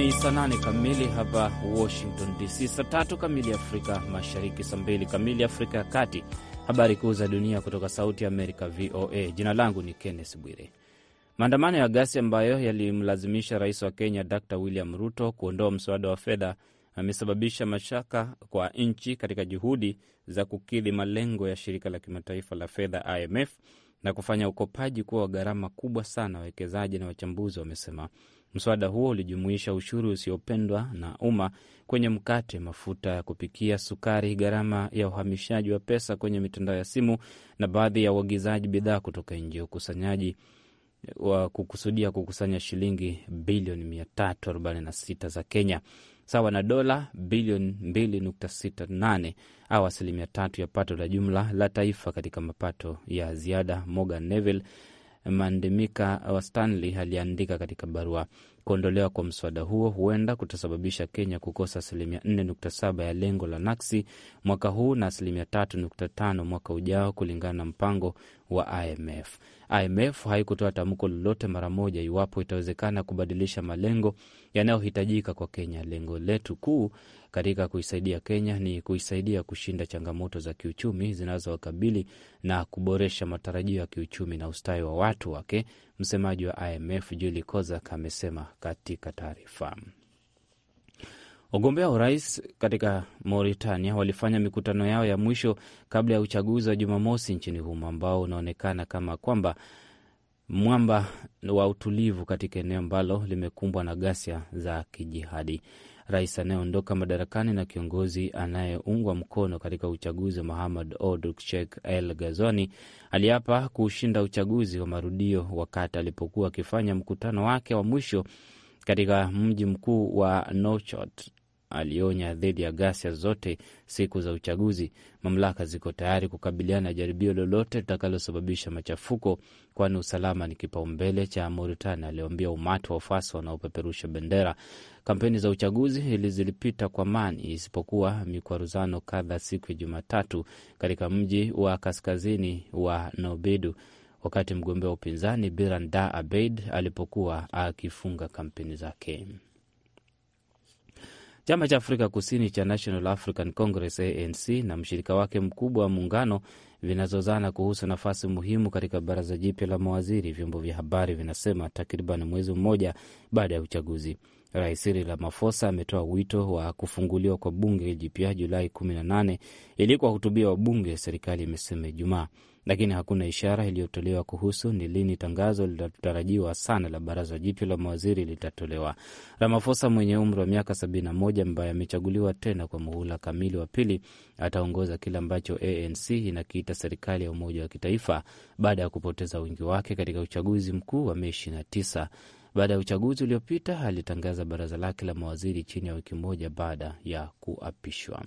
Ni saa nane kamili hapa Washington DC, saa tatu kamili Afrika Mashariki, saa mbili kamili Afrika ya Kati. Habari kuu za dunia kutoka Sauti ya Amerika, VOA. Jina langu ni Kenneth Bwire. Maandamano ya gasi ambayo yalimlazimisha rais wa Kenya Dr William Ruto kuondoa mswada wa fedha amesababisha mashaka kwa nchi katika juhudi za kukidhi malengo ya shirika la kimataifa la fedha IMF na kufanya ukopaji kuwa wa gharama kubwa sana, wawekezaji na wachambuzi wamesema. Mswada huo ulijumuisha ushuru usiopendwa na umma kwenye mkate, mafuta ya kupikia, sukari, gharama ya uhamishaji wa pesa kwenye mitandao ya simu na baadhi ya uagizaji bidhaa kutoka nje. Ukusanyaji wa kukusudia kukusanya shilingi bilioni 346 za Kenya sawa na dola bilioni 2.68 au asilimia tatu ya pato la jumla la taifa katika mapato ya ziada. Morgan Neville Mandimika wa Stanley aliandika katika barua Kuondolewa kwa mswada huo huenda kutasababisha Kenya kukosa asilimia 4.7 ya lengo la naksi mwaka huu na asilimia 3.5 mwaka ujao kulingana na mpango wa IMF. IMF haikutoa tamko lolote mara moja iwapo itawezekana kubadilisha malengo yanayohitajika kwa Kenya. Lengo letu kuu katika kuisaidia Kenya ni kuisaidia kushinda changamoto za kiuchumi zinazowakabili na kuboresha matarajio ya kiuchumi na ustawi wa watu wake, msemaji wa IMF Julie Kozak amesema katika taarifa. Wagombea wa urais katika Mauritania walifanya mikutano yao ya mwisho kabla ya uchaguzi wa Jumamosi nchini humo ambao unaonekana kama kwamba mwamba wa utulivu katika eneo ambalo limekumbwa na ghasia za kijihadi. Rais anayeondoka madarakani na kiongozi anayeungwa mkono katika uchaguzi wa Mahamad Ould Sheikh El Gazoni aliapa kushinda uchaguzi wa marudio wakati alipokuwa akifanya mkutano wake wa mwisho katika mji mkuu wa Nouakchott alionya dhidi ya ghasia zote siku za uchaguzi. Mamlaka ziko tayari kukabiliana na jaribio lolote litakalosababisha machafuko, kwani usalama ni kipaumbele cha Mauritania, aliambia umati wa wafuasi wanaopeperusha bendera. Kampeni za uchaguzi hili zilipita kwa amani, isipokuwa mikwaruzano kadha siku ya Jumatatu katika mji wa kaskazini wa Nobidu wakati mgombea wa upinzani Biranda Abeid alipokuwa akifunga kampeni zake. Chama cha Afrika Kusini cha National African Congress ANC na mshirika wake mkubwa wa muungano vinazozana kuhusu nafasi muhimu katika baraza jipya la mawaziri, vyombo vya habari vinasema takriban mwezi mmoja baada ya uchaguzi. Rais Cyril Ramaphosa ametoa wito wa kufunguliwa kwa bunge jipya Julai 18 ili kuwahutubia wabunge, serikali imesema Ijumaa, lakini hakuna ishara iliyotolewa kuhusu ni lini tangazo linalotarajiwa sana la baraza jipya la mawaziri litatolewa. Ramaphosa mwenye umri wa miaka 71 ambaye amechaguliwa tena kwa muhula kamili wa pili ataongoza kile ambacho ANC inakiita serikali ya umoja wa kitaifa baada ya kupoteza wingi wake katika uchaguzi mkuu wa Mei 29 baada ya uchaguzi uliopita, alitangaza baraza lake la mawaziri chini ya wiki moja baada ya kuapishwa.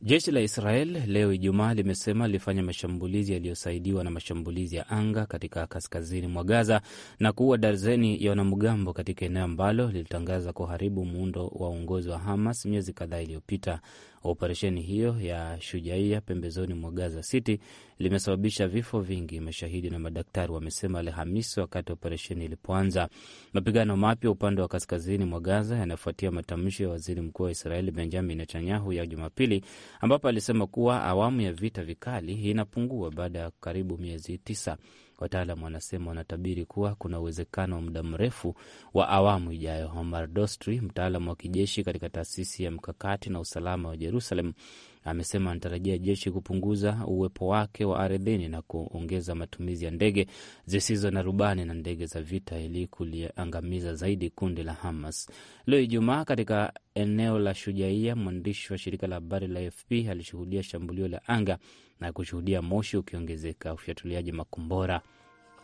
Jeshi la Israel leo Ijumaa limesema lilifanya mashambulizi yaliyosaidiwa na mashambulizi ya anga katika kaskazini mwa Gaza na kuua darzeni ya wanamgambo katika eneo ambalo lilitangaza kuharibu muundo wa uongozi wa Hamas miezi kadhaa iliyopita. Operesheni hiyo ya Shujaia pembezoni mwa Gaza City limesababisha vifo vingi, mashahidi na madaktari wamesema Alhamisi wakati operesheni ilipoanza. Mapigano mapya upande wa kaskazini mwa Gaza yanafuatia matamshi ya waziri mkuu wa Israeli Benjamin Netanyahu ya Jumapili, ambapo alisema kuwa awamu ya vita vikali inapungua baada ya karibu miezi tisa. Wataalam wanasema wanatabiri kuwa kuna uwezekano wa muda mrefu wa awamu ijayo. Omar Dostri, mtaalam wa kijeshi katika taasisi ya mkakati na usalama wa Jerusalem, amesema anatarajia jeshi kupunguza uwepo wake wa ardhini na kuongeza matumizi ya ndege zisizo na rubani na ndege za vita ili kuliangamiza zaidi kundi la Hamas. Leo Ijumaa, katika eneo la Shujaia, mwandishi wa shirika la habari la AFP alishuhudia shambulio la anga na kushuhudia moshi ukiongezeka. Ufyatuliaji makombora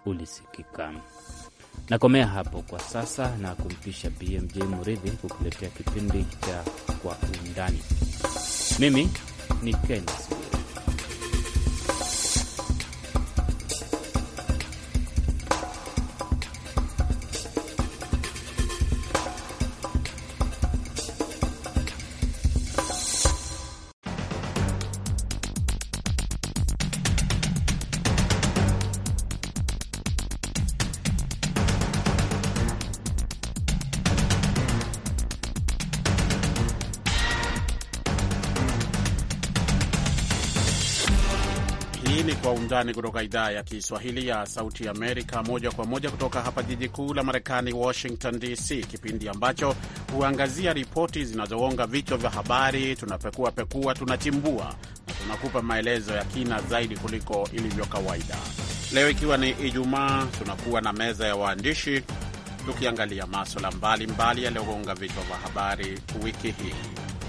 ulisikika. Nakomea hapo kwa sasa na kumpisha BMJ Muridhi kukuletea kipindi cha Kwa Undani. Mimi ni Ken Undani kutoka idhaa ya Kiswahili ya Sauti Amerika, moja kwa moja kutoka hapa jiji kuu la Marekani, Washington DC, kipindi ambacho huangazia ripoti zinazogonga vichwa vya habari. Tunapekua pekua, tunachimbua na tunakupa maelezo ya kina zaidi kuliko ilivyo kawaida. Leo ikiwa ni Ijumaa, tunakuwa na meza ya waandishi tukiangalia maswala mbalimbali yaliyogonga vichwa vya habari wiki hii.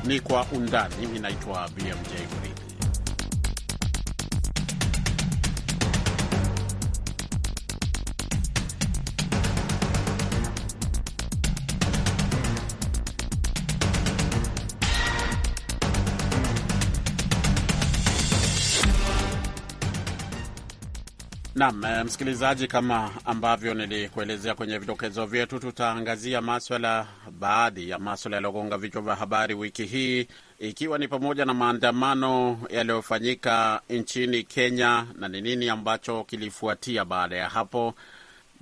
Ni kwa undani. inaitwa bmj BMJ. Naam, eh, msikilizaji, kama ambavyo nilikuelezea kwenye vidokezo vyetu, tutaangazia maswala, baadhi ya maswala yaliyogonga vichwa vya habari wiki hii, ikiwa ni pamoja na maandamano yaliyofanyika nchini Kenya na ni nini ambacho kilifuatia baada ya hapo,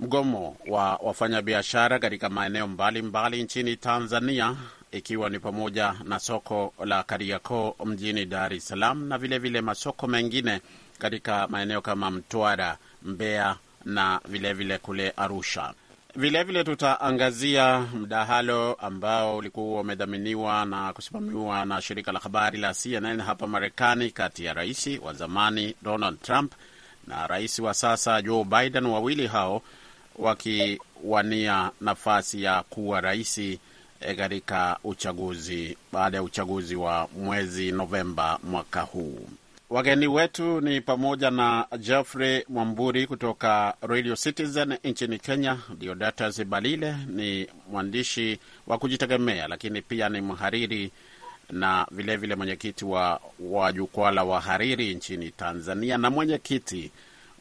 mgomo wa wafanyabiashara katika maeneo mbalimbali mbali nchini Tanzania, ikiwa ni pamoja na soko la Kariakoo mjini Dar es Salaam na vilevile vile masoko mengine katika maeneo kama Mtwara, Mbeya na vilevile vile kule Arusha. Vilevile vile tutaangazia mdahalo ambao ulikuwa umedhaminiwa na kusimamiwa na shirika la habari la CNN hapa Marekani, kati ya rais wa zamani Donald Trump na rais wa sasa Joe Biden, wawili hao wakiwania nafasi ya kuwa rais eh, katika uchaguzi baada ya uchaguzi wa mwezi Novemba mwaka huu. Wageni wetu ni pamoja na Jeffrey Mwamburi kutoka Radio Citizen nchini Kenya. Deodatus Balile ni mwandishi wa kujitegemea, lakini pia ni mhariri na vilevile mwenyekiti wa, wa jukwaa la wahariri nchini Tanzania na mwenyekiti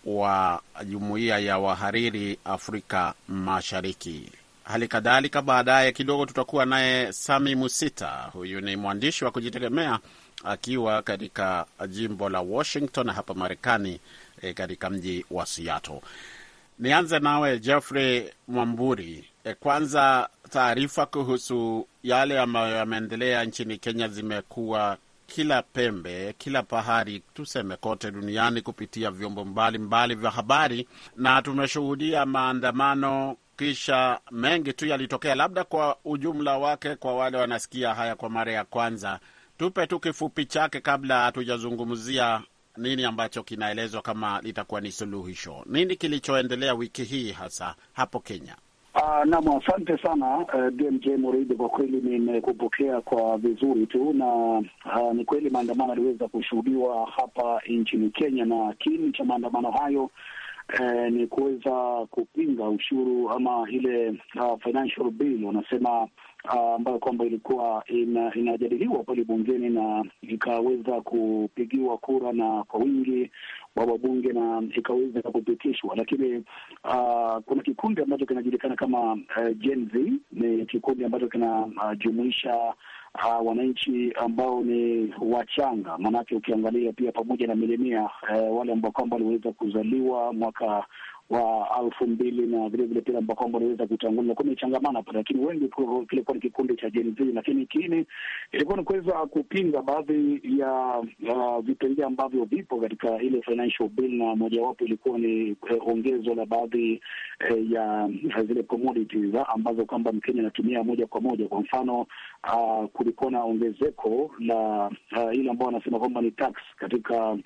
wa jumuiya ya wahariri Afrika Mashariki. Hali kadhalika, baadaye kidogo tutakuwa naye Sami Musita, huyu ni mwandishi wa kujitegemea akiwa katika jimbo la Washington hapa Marekani, e, katika mji wa Seattle. Nianze nawe Jeffrey Mwamburi. E, kwanza taarifa kuhusu yale ambayo yameendelea nchini Kenya zimekuwa kila pembe, kila pahari, tuseme kote duniani kupitia vyombo mbalimbali vya habari, na tumeshuhudia maandamano, kisha mengi tu yalitokea. Labda kwa ujumla wake, kwa wale wanasikia haya kwa mara ya kwanza, Tupe tu kifupi chake kabla hatujazungumzia nini ambacho kinaelezwa kama litakuwa ni suluhisho. Nini kilichoendelea wiki hii hasa hapo Kenya? Uh, ah, nam asante sana uh, eh, DMJ Muridi, kwa kweli nimekupokea kwa vizuri tu na uh, ni kweli maandamano yaliweza kushuhudiwa hapa nchini Kenya, na kiini cha maandamano hayo eh, ni kuweza kupinga ushuru ama ile uh, financial bill wanasema ah, ambayo uh, kwamba ilikuwa ina, inajadiliwa pale bungeni na ikaweza kupigiwa kura na kwa wingi wa wabunge na ikaweza kupitishwa, lakini uh, kuna kikundi ambacho kinajulikana kama uh, Gen Z. Ni kikundi ambacho kinajumuisha uh, wananchi ambao ni wachanga, maanake ukiangalia pia pamoja na milimia eh, wale ambao kwamba waliweza kuzaliwa mwaka wa elfu mbili na vilevile pia ambao kwamba unaweza kutangulia, ilikuwa imechangamana pale, lakini wengi kilikuwa ni kikundi cha Gen Z, lakini kini ilikuwa ni kuweza kupinga baadhi ya uh, vipengee ambavyo vipo katika ile financial bill, na mojawapo ilikuwa ni uh, ongezo la baadhi uh, ya eh, zile commodities uh, ambazo kwamba Mkenya anatumia moja kwa moja. Kwa mfano uh, kulikuwa na ongezeko la uh, ile ambao wanasema kwamba ni tax katika uh,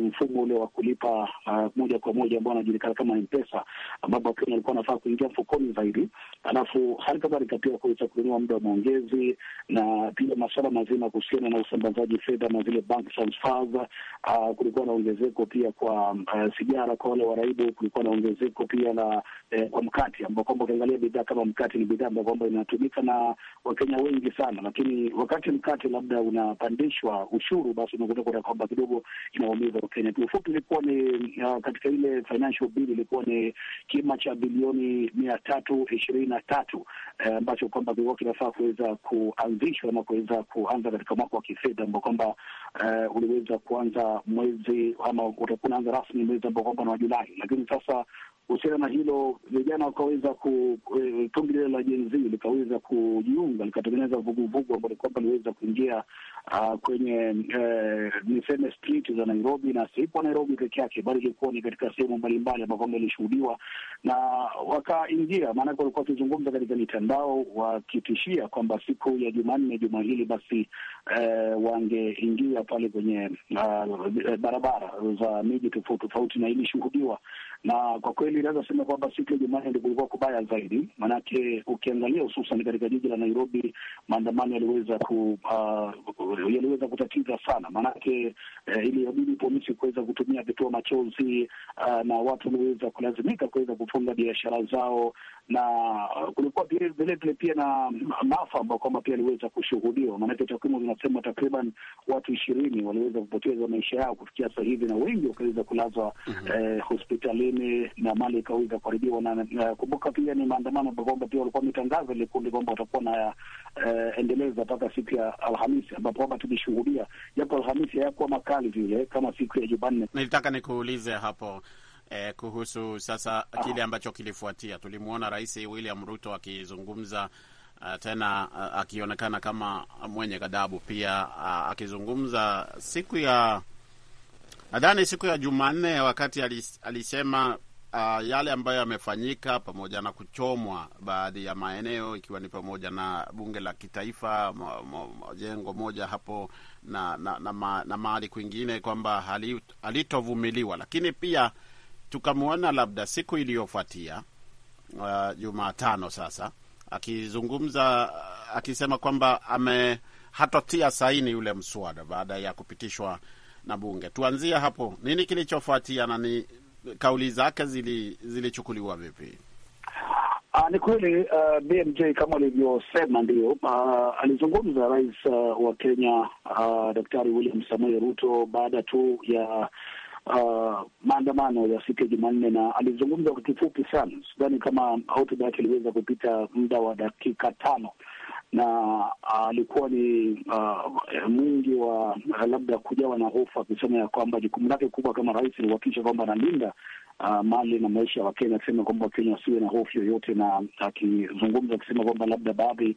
mfumo ule wa kulipa uh, moja kwa moja ambao anajulikana kama mpesa, ambapo Wakenya walikuwa wanafaa kuingia mfukoni zaidi, alafu hali kadhalika pia kuweza kununua muda wa maongezi na pia masuala mazima kuhusiana na usambazaji fedha na zile bank transfers. Uh, kulikuwa na ongezeko pia kwa uh, sigara kwa wale waraibu. Kulikuwa na ongezeko pia na eh, kwa mkati ambao kwamba ukiangalia bidhaa kama mkati ni bidhaa ambayo kwamba inatumika na Wakenya wengi sana, lakini wakati mkati labda unapandishwa ushuru, basi unakuta kwamba kidogo inaumiza Wakenya. Kiufupi ilikuwa ni uh, katika ile financial bill ilikuwa ilikuwa ni kima cha bilioni mia tatu ishirini na tatu eh, ambacho kwamba kilikuwa kinafaa kuweza kuanzishwa na kuweza kuanza katika mwaka wa kifedha ambao kwamba uh, uliweza kuanza mwezi ama utakuwa unaanza rasmi mwezi ambao kwamba ni wa Julai, lakini sasa kuhusiana na hilo, vijana wakaweza e, kundi lile la Gen Z likaweza kujiunga likatengeneza vuguvugu ambao kwamba liweza kuingia uh, kwenye uh, niseme street za Nairobi, na sipo Nairobi peke yake, bali ilikuwa ni katika sehemu mbalimbali ambao kwamba ilishuhudiwa na wakaingia. Maanake walikuwa wakizungumza katika mitandao wakitishia kwamba siku ya Jumanne juma hili basi uh, wangeingia pale kwenye uh, barabara za miji tofauti tofauti, na ilishuhudiwa na kwa kweli naweza sema kwamba siku ya Jumanne ndio kulikuwa kubaya zaidi, maanake ukiangalia hususan katika jiji la Nairobi, maandamano yaliweza ku, uh, yaliweza kutatiza sana, maanake eh, iliyabidi polisi kuweza kutumia vitoa machozi uh, na watu waliweza kulazimika kuweza kufunga biashara zao, na uh, kulikuwa vilevile pia na maafa ambao kwamba pia aliweza kushuhudiwa, maanake takwimu zinasema takriban watu ishirini waliweza kupoteza maisha yao kufikia sasa hivi na wengi wakaweza kulazwa mm -hmm. eh, hospitalini lakini na mali ikaweza kuharibiwa. Na kumbuka pia ni maandamano ambayo kwamba pia walikuwa wametangaza ile kundi kwamba watakuwa na uh, endeleza mpaka siku ya Alhamisi, ambapo kwamba tulishuhudia japo Alhamisi hayakuwa makali vile kama siku ya Jumanne. Nilitaka nikuulize hapo Eh, kuhusu sasa kile ambacho kilifuatia, tulimwona Rais William Ruto akizungumza uh, tena uh, akionekana kama mwenye ghadhabu pia uh, akizungumza siku ya Nadhani siku ya Jumanne wakati alis, alisema uh, yale ambayo yamefanyika pamoja na kuchomwa baadhi ya maeneo ikiwa ni pamoja na bunge la kitaifa majengo mo, mo, jengo moja hapo na, na, na, ma, na mahali kwingine kwamba halitovumiliwa, lakini pia tukamwona labda siku iliyofuatia uh, Jumatano sasa akizungumza akisema kwamba ame hatotia saini yule mswada baada ya kupitishwa na bunge. Tuanzie hapo, nini kilichofuatia na ni kauli zake zilichukuliwa zili vipi? Aa, ah, ni kweli uh, BMJ kama alivyosema ndio, uh, alizungumza rais uh, wa Kenya uh, Daktari William Samoei Ruto baada tu ya Uh, maandamano ya siku ya Jumanne na alizungumza kwa kifupi sana. Sidhani kama hotuba yake iliweza kupita muda wa dakika tano na ah, alikuwa ni uh, mwingi wa labda kujawa na hofu akisema ya kwamba jukumu lake kubwa kama rais ni kuhakikisha kwamba analinda uh, mali na maisha ya Wakenya, akisema kwamba Wakenya wasiwe na hofu yoyote, na akizungumza akisema kwamba labda baadhi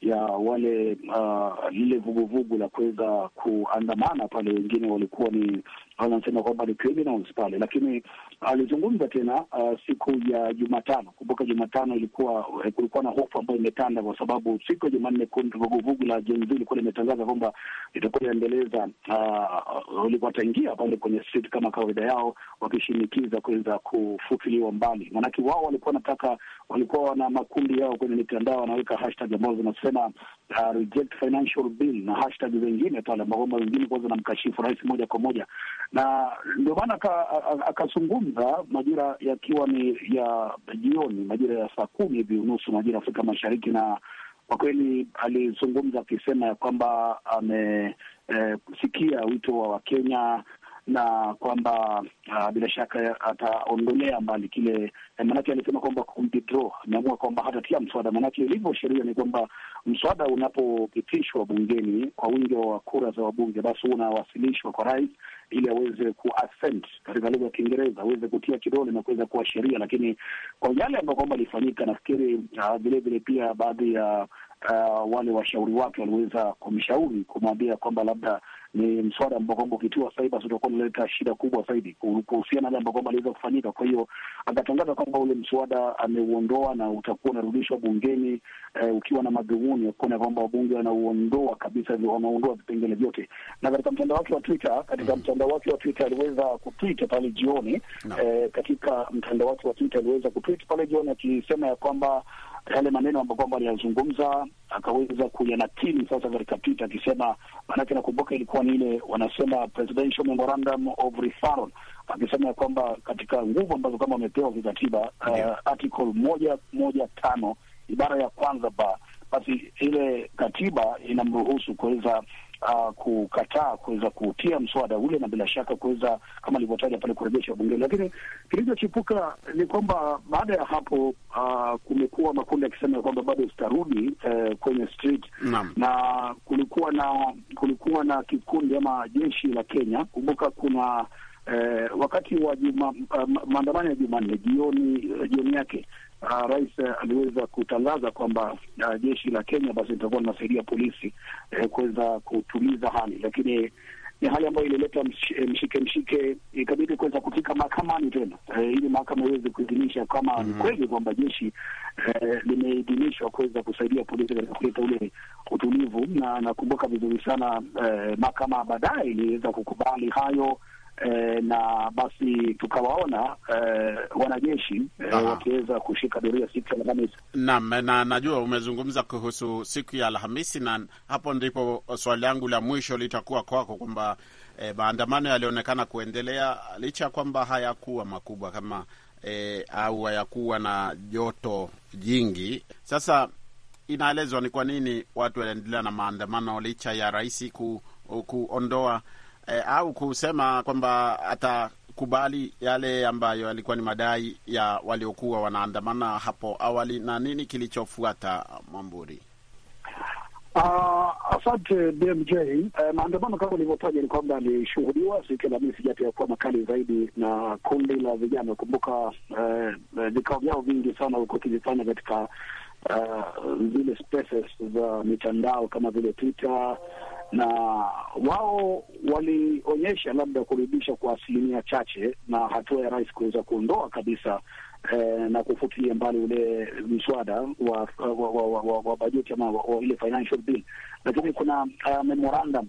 ya wale uh, lile vuguvugu la kuweza kuandamana pale, wengine walikuwa ni anasema kwamba ni criminals pale, lakini uh, alizungumza tena uh, siku ya Jumatano. Kumbuka Jumatano ilikuwa eh, kulikuwa na hofu ambayo imetanda kwa sababu siku ya Jumanne kundi vuguvugu la Gen Z ilikuwa limetangaza kwamba itakuwa inaendeleza uh, wataingia pale kwenye street kama kawaida yao, wakishinikiza kuweza kufutiliwa mbali, maanake wao walikuwa wanataka, walikuwa wana makundi yao kwenye mitandao wanaweka hashtag ambazo zinasema uh, reject financial bill na hashtag zengine pale, ambao wengine kwanza namkashifu rais moja kwa moja, na ndio maana akazungumza majira yakiwa ni ya jioni, majira ya saa kumi hivi unusu majira ya Afrika Mashariki, na kwa kweli alizungumza akisema ya kwamba amesikia eh, wito wa Wakenya na kwamba uh, bila shaka ataondolea mbali kile eh, maanake alisema kwamba kumpidro ameamua kwamba hatatia mswada, maanake ilivyo sheria ni kwamba mswada unapopitishwa bungeni kwa wingi wa kura za wabunge, basi unawasilishwa kwa rais ili aweze kuassent katika lugha ya Kiingereza, aweze kutia kidole na kuweza kuwa sheria. Lakini kwa yale ambayo kwamba alifanyika, nafikiri vilevile ah, pia baadhi ya uh, wale washauri wake waliweza kumshauri kumwambia kwamba labda ni mswada ambao kwamba ukitiwa sahihi utakuwa unaleta shida kubwa zaidi kuhusiana na ambao kwamba aliweza kufanyika. Kwa hiyo akatangaza kwamba ule mswada ameuondoa na utakuwa unarudishwa bungeni eh, ukiwa na madhumuni ya kuona kwamba wabunge wanauondoa kabisa, wanaondoa vipengele vyote. Na katika mtandao wake wa Twitter, katika mm. mtandao wake wa Twitter aliweza kutwita pale jioni no. eh, katika mtandao wake wa Twitter aliweza kutwit pale jioni akisema ya kwamba yale maneno ambayo kwamba aliyazungumza akaweza kuyanakili sasa katikapita, akisema maanake, nakumbuka ilikuwa ni ile wanasema presidential memorandum of referral, akisema ya kwamba katika nguvu ambazo kama wamepewa kikatiba, uh, article moja moja tano ibara ya kwanza ba basi ile katiba inamruhusu kuweza uh, kukataa kuweza kutia mswada ule na bila shaka kuweza kama alivyotaja pale kurejesha bunge. Lakini kilichochipuka ni kwamba baada ya hapo uh, kumekuwa makundi yakisema kwamba bado sitarudi uh, kwenye street na kulikuwa na kulikuwa na kikundi ama jeshi la Kenya. Kumbuka kuna eh, wakati wa juma eh, maandamano ya Jumanne jioni eh, jioni yake Uh, rais eh, aliweza kutangaza kwamba uh, jeshi la Kenya basi litakuwa linasaidia polisi uh, kuweza kutuliza hali, lakini ni hali ambayo ilileta msh, mshike mshike, ikabidi kuweza kufika mahakamani tena uh, ili mahakama iweze kuidhinisha kama mm -hmm. kweli kwamba jeshi uh, limeidhinishwa kuweza kusaidia polisi katika kuleta ule utulivu, na nakumbuka vizuri sana uh, mahakama baadaye iliweza kukubali hayo e, na basi tukawaona e, wanajeshi e, wakiweza kushika doria siku ya Alhamisi. Naam, na najua umezungumza kuhusu siku ya Alhamisi, na hapo ndipo swali langu la mwisho litakuwa kwako kwamba e, maandamano yalionekana kuendelea licha ya kwamba hayakuwa makubwa kama e, au hayakuwa na joto jingi. Sasa inaelezwa ni kwa nini watu waliendelea na maandamano licha ya rais ku, kuondoa eh, au kusema kwamba kubali yale ambayo yalikuwa ni madai ya waliokuwa wanaandamana hapo awali, na nini kilichofuata, Mwamburi? Uh, asante BMJ. Uh, eh, maandamano kama ulivyotaja ni kwamba alishuhudiwa siku ya Alhamisi japo yakuwa makali zaidi na kundi la vijana. Kumbuka eh, vikao uh, vyao vingi sana huko kivifanya katika uh, zile spaces za mitandao kama vile Twitter na wao walionyesha labda kurudisha kwa asilimia chache, na hatua ya rais kuweza kuondoa kabisa eh, na kufutilia mbali ule mswada wa wa, wa, wa, wa bajeti ama wa, wa ile financial bill, lakini kuna uh, memorandum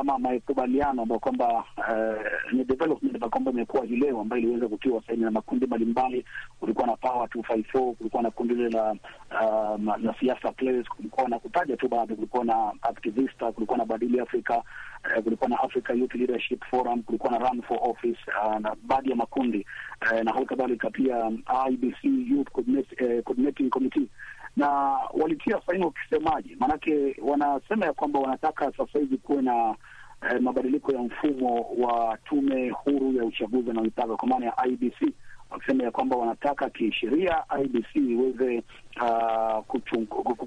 ama makubaliano ambayo kwamba uh, ni development ambayo kwamba imekuwa hii leo ambayo iliweza kutiwa saini na makundi mbalimbali. Kulikuwa na Power 254 kulikuwa na kundi lile la eh, na siasa players, kulikuwa na kutaja tu baadhi, kulikuwa na Activista, kulikuwa na Badili Afrika uh, kulikuwa na Africa Youth Leadership Forum, kulikuwa na Run for Office uh, na baadhi ya makundi uh, na hali kadhalika pia IBC Youth eh, Coordinating Committee na walitia saini wakisemaje? Maanake wanasema ya kwamba wanataka sasa hivi kuwe na eh, mabadiliko ya mfumo wa tume huru ya uchaguzi na mipaka, kwa maana ya IBC wakisema ya kwamba wanataka kisheria IBC iweze uh,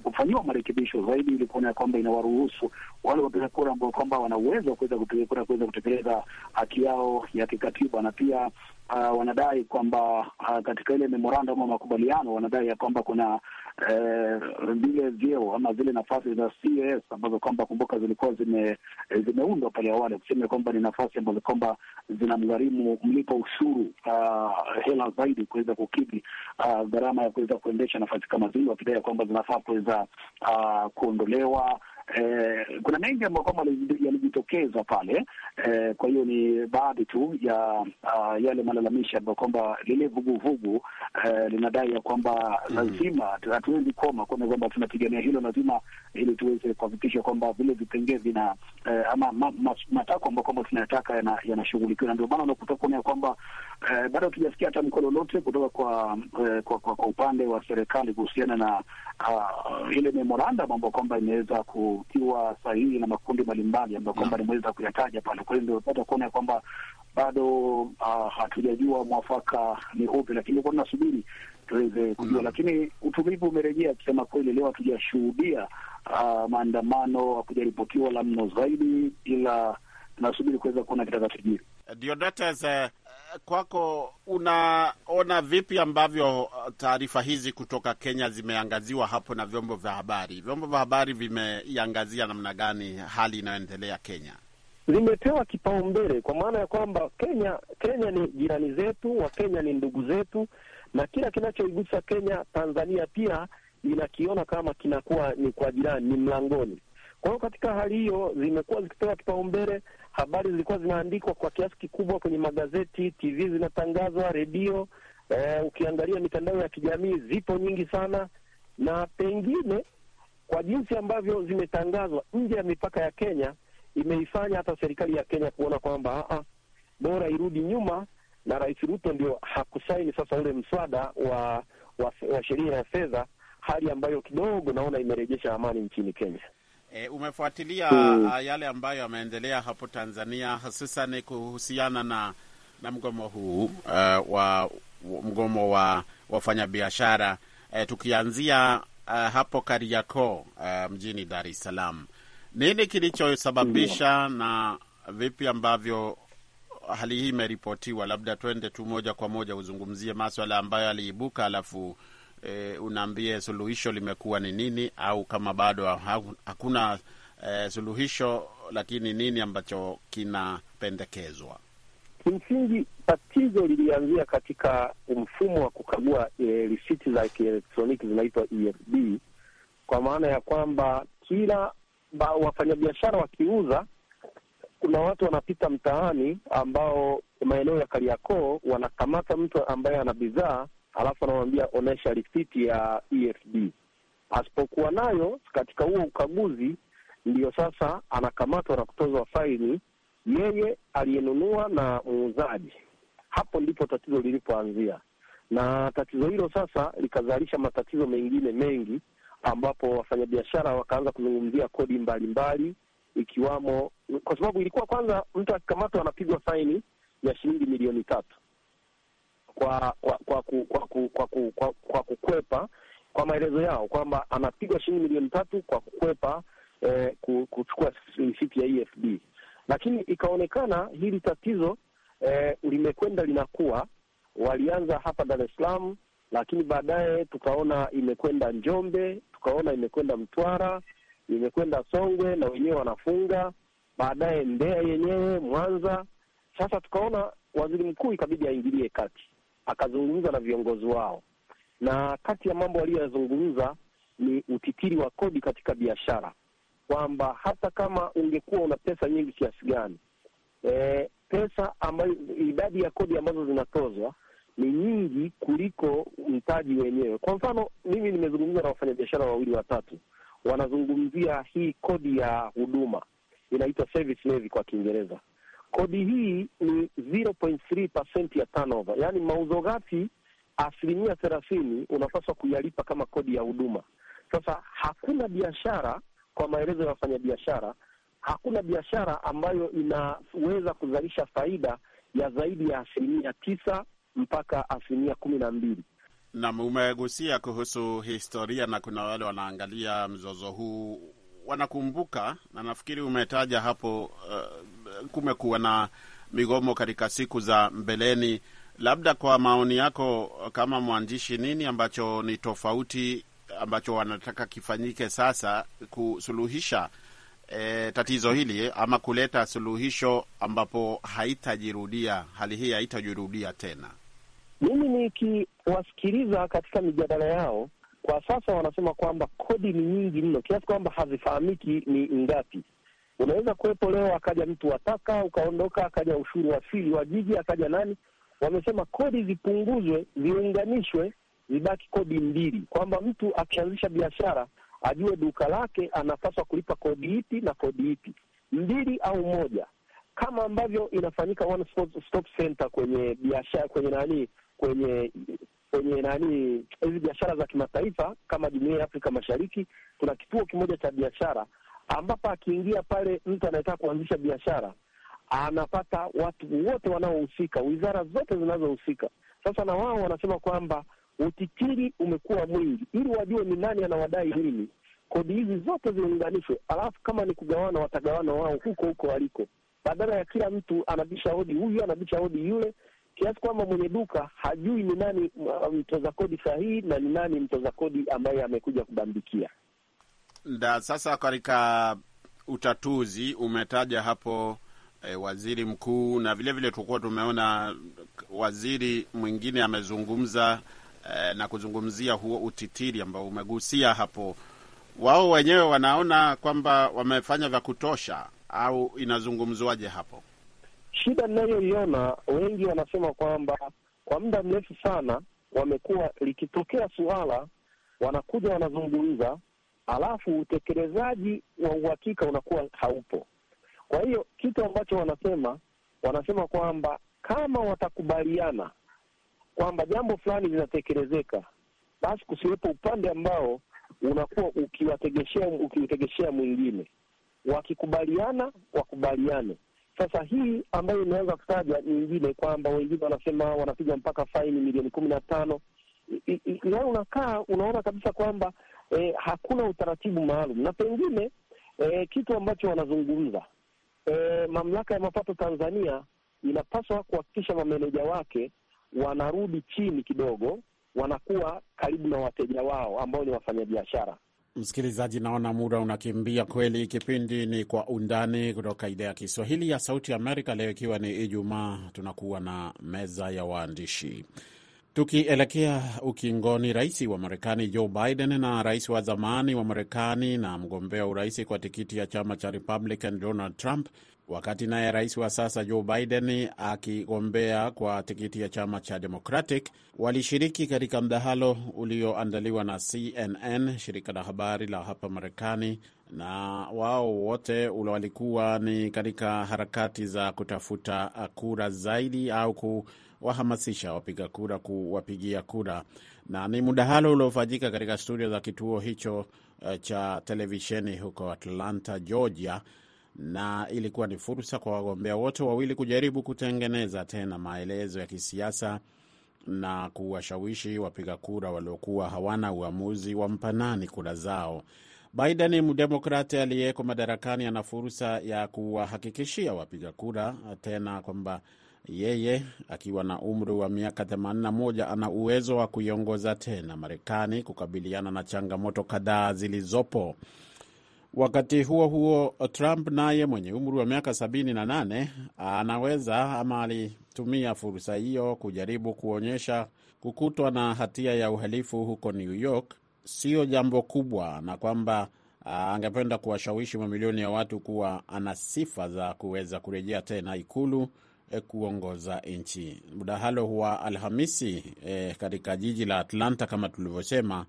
kufanyiwa marekebisho zaidi ili kuona ya kwamba inawaruhusu wale wapiga kura ambao kwamba wana uwezo wa kuweza kupiga kura kuweza kutekeleza haki yao ya kikatiba na pia Uh, wanadai kwamba uh, katika ile memorandum ama makubaliano wanadai ya kwamba kuna Eh, vile eh, vyeo ama zile nafasi za CS ambazo kwamba kumbuka zilikuwa zime, eh, zimeundwa pale awali, kusema kwamba ni nafasi ambazo kwamba zinamgharimu mlipa ushuru uh, hela zaidi kuweza kukidhi ah, gharama uh, ya kuweza kuendesha nafasi kama zile, wakidai ya kwamba zinafaa kuweza uh, kuondolewa eh, kuna mengi ambayo kwamba yalijitokeza pale eh, kwa hiyo ni baadhi tu ya uh, yale malalamishi ambayo kwamba lile vuguvugu eh, linadai ya kwamba hmm. lazima mm. hatuwezi koma kuona kwamba tunapigania hilo lazima, ili tuweze kuhakikisha kwamba vile vipengee vina eh, ama ma, ma, matako ambayo kwamba tunayataka yanashughulikiwa, na ndio maana unakuta kuona ya kwamba eh, bado hatujasikia hata mko lolote kutoka kwa, eh, kwa, kwa, kwa upande wa serikali kuhusiana na uh, ile memorandum ambayo kwamba imeweza ku ukiwa sahihi na makundi mbalimbali ambayo kwamba mm. nimeweza kuyataja pale. Kwa hiyo ndio kuona kuona kwamba bado uh, hatujajua mwafaka ni upi, lakini kuwa tunasubiri tuweze kujua, mm. lakini utulivu umerejea kusema kweli. Leo hatujashuhudia uh, maandamano, hakujaripotiwa la mno zaidi, ila tunasubiri kuweza kuona kitakachojiri. Diodatas, kwako, unaona vipi ambavyo uh, taarifa hizi kutoka Kenya zimeangaziwa hapo na vyombo vya habari? Vyombo vya habari vimeiangazia namna gani hali inayoendelea Kenya? Zimepewa kipaumbele kwa maana ya kwamba Kenya, Kenya ni jirani zetu, Wakenya ni ndugu zetu, na kila kinachoigusa Kenya, Tanzania pia inakiona kama kinakuwa ni kwa jirani, ni mlangoni. Kwa hiyo katika hali hiyo zimekuwa zikipewa kipaumbele habari zilikuwa zinaandikwa kwa kiasi kikubwa kwenye magazeti, TV zinatangazwa, redio eh, ukiangalia mitandao ya kijamii zipo nyingi sana, na pengine kwa jinsi ambavyo zimetangazwa nje ya mipaka ya Kenya imeifanya hata serikali ya Kenya kuona kwamba ah, ah, bora irudi nyuma, na Rais Ruto ndio hakusaini sasa ule mswada wa, wa, wa sheria ya fedha, hali ambayo kidogo naona imerejesha amani nchini Kenya. E, umefuatilia mm, yale ambayo yameendelea hapo Tanzania hususan kuhusiana na na mgomo huu uh, wa mgomo wa wafanyabiashara e, tukianzia uh, hapo Kariakoo uh, mjini Dar es Salaam, nini kilichosababisha mm, na vipi ambavyo hali hii imeripotiwa? Labda twende tu moja kwa moja uzungumzie maswala ambayo yaliibuka, alafu e, unaambie suluhisho limekuwa ni nini, au kama bado hakuna e, suluhisho, lakini nini ambacho kinapendekezwa? Kimsingi tatizo lilianzia katika mfumo wa kukagua e, risiti za kielektroniki zinaitwa EFD, kwa maana ya kwamba kila wafanyabiashara wakiuza, kuna watu wanapita mtaani ambao maeneo ya Kariakoo wanakamata mtu ambaye ana bidhaa alafu anamwambia onesha risiti ya EFD. Asipokuwa nayo katika huo ukaguzi, ndiyo sasa anakamatwa na kutozwa faini yeye aliyenunua na muuzaji. Hapo ndipo tatizo lilipoanzia, na tatizo hilo sasa likazalisha matatizo mengine mengi, ambapo wafanyabiashara wakaanza kuzungumzia kodi mbalimbali mbali, ikiwamo kwa sababu ilikuwa kwanza mtu akikamatwa anapigwa faini ya shilingi milioni tatu kwa kwa kwa kwa, kwa, kwa, kwa kukwepa kwa maelezo yao kwamba anapigwa shilingi milioni tatu kwa kukwepa eh, kuchukua risiti ya EFD, lakini ikaonekana hili tatizo eh, limekwenda linakuwa. Walianza hapa Dar es Salaam, lakini baadaye tukaona imekwenda Njombe, tukaona imekwenda Mtwara, imekwenda Songwe na wenyewe wanafunga, baadaye Mbeya yenyewe, Mwanza. Sasa tukaona waziri mkuu ikabidi aingilie kati akazungumza na viongozi wao, na kati ya mambo aliyoyazungumza ni utitiri wa kodi katika biashara, kwamba hata kama ungekuwa una pesa nyingi kiasi gani, e, pesa ambayo idadi ya kodi ambazo zinatozwa ni nyingi kuliko mtaji wenyewe. Kwa mfano, mimi nimezungumza na wafanyabiashara wawili watatu, wanazungumzia hii kodi ya huduma inaitwa service levy kwa Kiingereza. Kodi hii ni 0.3% ya turnover, yaani mauzo ghafi asilimia thelathini unapaswa kuyalipa kama kodi ya huduma. Sasa hakuna biashara, kwa maelezo ya wafanyabiashara, hakuna biashara ambayo inaweza kuzalisha faida ya zaidi ya asilimia tisa mpaka asilimia kumi na mbili. nam umegusia kuhusu historia na kuna wale wanaangalia mzozo huu wanakumbuka, na nafikiri umetaja hapo uh, kumekuwa na migomo katika siku za mbeleni. Labda kwa maoni yako kama mwandishi, nini ambacho ni tofauti ambacho wanataka kifanyike sasa kusuluhisha e, tatizo hili ama kuleta suluhisho ambapo haitajirudia hali hii haitajirudia tena? Mimi nikiwasikiliza katika mijadala yao kwa sasa, wanasema kwamba kodi ni nyingi mno kiasi kwamba hazifahamiki ni ngapi. Unaweza kuwepo leo akaja mtu wataka ukaondoka, akaja ushuru fili wa jiji, akaja nani. Wamesema kodi zipunguzwe, ziunganishwe, zibaki kodi mbili, kwamba mtu akianzisha biashara ajue duka lake anapaswa kulipa kodi ipi na kodi ipi, mbili au moja, kama ambavyo inafanyika one stop center kwenye biashara, kwenye nani, kwenye kwenye nani, hizi biashara za kimataifa kama Jumuiya ya Afrika Mashariki, tuna kituo kimoja cha biashara ambapo akiingia pale mtu anayetaka kuanzisha biashara anapata watu wote wanaohusika, wizara zote zinazohusika. Sasa na wao wanasema kwamba utitiri umekuwa mwingi, ili wajue ni nani anawadai nini. Kodi hizi zote ziunganishwe, alafu kama ni kugawana, watagawana wao huko huko waliko, badala ya kila mtu anabisha hodi huyu anabisha hodi yule, kiasi kwamba mwenye duka hajui ni nani uh, mtoza kodi sahihi na ni nani mtoza kodi ambaye amekuja kubambikia na sasa katika utatuzi umetaja hapo e, waziri mkuu na vilevile tulikuwa tumeona waziri mwingine amezungumza e, na kuzungumzia huo utitiri ambao umegusia hapo. Wao wenyewe wanaona kwamba wamefanya vya kutosha au inazungumzwaje hapo? Shida linayoiona wengi wanasema kwamba kwa muda mrefu sana wamekuwa likitokea suala, wanakuja wanazungumza alafu utekelezaji wa uhakika unakuwa haupo. Kwa hiyo kitu ambacho wanasema wanasema kwamba kama watakubaliana kwamba jambo fulani linatekelezeka, basi kusiwepo upande ambao unakuwa ukiwategeshea ukiutegeshea mwingine. Wakikubaliana wakubaliane. Sasa hii ambayo imeanza kutaja nyingine kwamba wengine wanasema wanapiga mpaka faini milioni kumi na tano, yaani unakaa unaona kabisa kwamba e, hakuna utaratibu maalum na pengine e, kitu ambacho wanazungumza e, mamlaka ya mapato Tanzania inapaswa kuhakikisha mameneja wake wanarudi chini kidogo, wanakuwa karibu na wateja wao ambao ni wafanyabiashara. Msikilizaji, naona muda unakimbia kweli. Kipindi ni Kwa Undani kutoka idhaa ya Kiswahili ya Sauti Amerika, leo ikiwa ni Ijumaa, tunakuwa na meza ya waandishi Tukielekea ukingoni, rais wa Marekani Joe Biden na rais wa zamani wa Marekani na mgombea urais kwa tikiti ya chama cha Republican Donald Trump, wakati naye rais wa sasa Joe Biden akigombea kwa tikiti ya chama cha Democratic, walishiriki katika mdahalo ulioandaliwa na CNN, shirika la habari la hapa Marekani, na wao wote walikuwa ni katika harakati za kutafuta kura zaidi au ku kuwahamasisha wapiga kura kuwapigia kura, na ni mdahalo uliofanyika katika studio za kituo hicho eh, cha televisheni huko Atlanta, Georgia, na ilikuwa ni fursa kwa wagombea wote wawili kujaribu kutengeneza tena maelezo ya kisiasa na kuwashawishi wapiga kura waliokuwa hawana uamuzi wa mpanani kura zao. Biden, mdemokrati aliyeko madarakani, ana fursa ya kuwahakikishia wapiga kura eh, tena kwamba yeye akiwa na umri wa miaka 81 ana uwezo wa kuiongoza tena Marekani kukabiliana na changamoto kadhaa zilizopo. Wakati huo huo, Trump naye mwenye umri wa miaka 78 anaweza ama alitumia fursa hiyo kujaribu kuonyesha kukutwa na hatia ya uhalifu huko New York sio jambo kubwa, na kwamba angependa kuwashawishi mamilioni ya watu kuwa ana sifa za kuweza kurejea tena ikulu E, kuongoza nchi. Mdahalo wa Alhamisi e, katika jiji la Atlanta kama tulivyosema,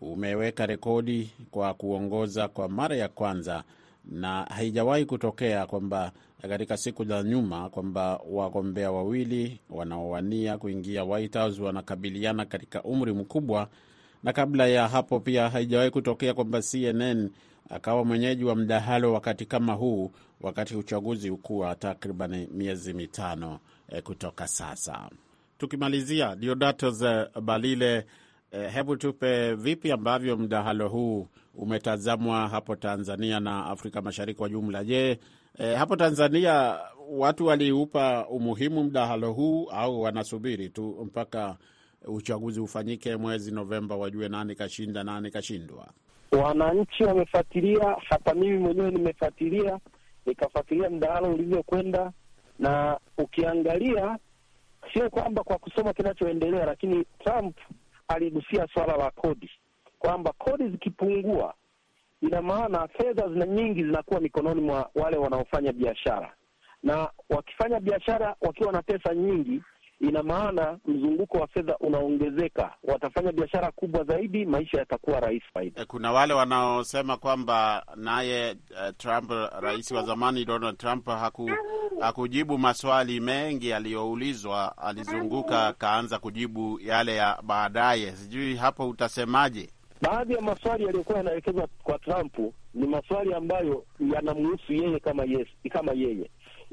umeweka rekodi kwa kuongoza kwa mara ya kwanza, na haijawahi kutokea kwamba katika siku za nyuma kwamba wagombea wawili wanaowania kuingia White House wanakabiliana katika umri mkubwa, na kabla ya hapo pia haijawahi kutokea kwamba CNN akawa mwenyeji wa mdahalo wakati kama huu, wakati uchaguzi ukuwa takriban miezi mitano e, kutoka sasa. Tukimalizia, Diodatos eh, Balile, e, hebu tupe vipi ambavyo mdahalo huu umetazamwa hapo Tanzania na Afrika Mashariki kwa jumla. Je, e, hapo Tanzania watu waliupa umuhimu mdahalo huu au wanasubiri tu mpaka uchaguzi ufanyike mwezi Novemba wajue nani kashinda nani kashindwa? wananchi wamefuatilia, hata mimi mwenyewe nimefuatilia, nikafuatilia mdahalo ulivyokwenda, na ukiangalia, sio kwamba kwa kusoma kinachoendelea, lakini Trump aligusia swala la kodi, kwamba kodi zikipungua, ina maana fedha zina nyingi zinakuwa mikononi mwa wale wanaofanya biashara, na wakifanya biashara wakiwa na pesa nyingi ina maana mzunguko wa fedha unaongezeka, watafanya biashara kubwa zaidi, maisha yatakuwa rahisi zaidi. Eh, kuna wale wanaosema kwamba naye uh, Trump, rais wa zamani Donald Trump haku, hakujibu maswali mengi aliyoulizwa, alizunguka akaanza kujibu yale ya baadaye. Sijui hapo utasemaje? Baadhi ya maswali yaliyokuwa yanaelekezwa kwa Trump ni maswali ambayo yanamhusu yeye kama, yes, kama yeye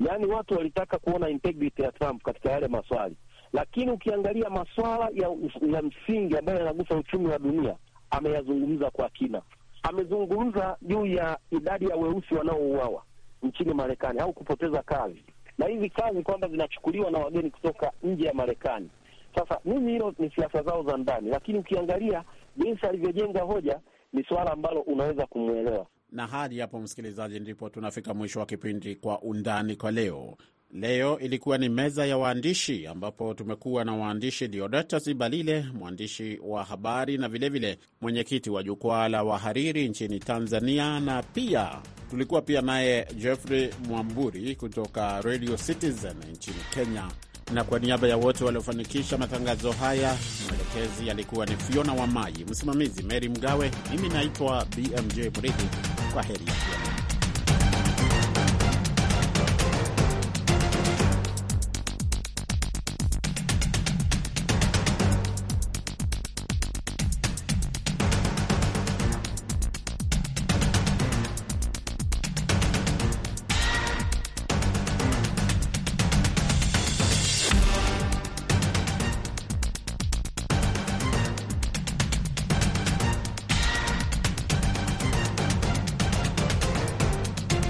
Yaani watu walitaka kuona integrity ya Trump katika yale maswali, lakini ukiangalia maswala ya, ya msingi ambayo yanagusa uchumi wa dunia ameyazungumza kwa kina. Amezungumza juu ya idadi ya weusi wanaouawa nchini Marekani au kupoteza kazi na hizi kazi kwamba zinachukuliwa na wageni kutoka nje ya Marekani. Sasa mimi hilo ni siasa zao za ndani, lakini ukiangalia jinsi alivyojenga hoja ni suala ambalo unaweza kumwelewa na hadi hapo, msikilizaji, ndipo tunafika mwisho wa kipindi Kwa Undani kwa leo. Leo ilikuwa ni meza ya waandishi ambapo tumekuwa na waandishi Deodatus Balile, mwandishi wa habari na vilevile mwenyekiti wa jukwaa la wahariri nchini Tanzania, na pia tulikuwa pia naye Jeffrey Mwamburi kutoka Radio Citizen nchini Kenya. Na kwa niaba ya wote waliofanikisha matangazo haya, mwelekezi alikuwa ni Fiona Wamai, msimamizi Mary Mgawe, mimi naitwa BMJ Mridhi. Correria.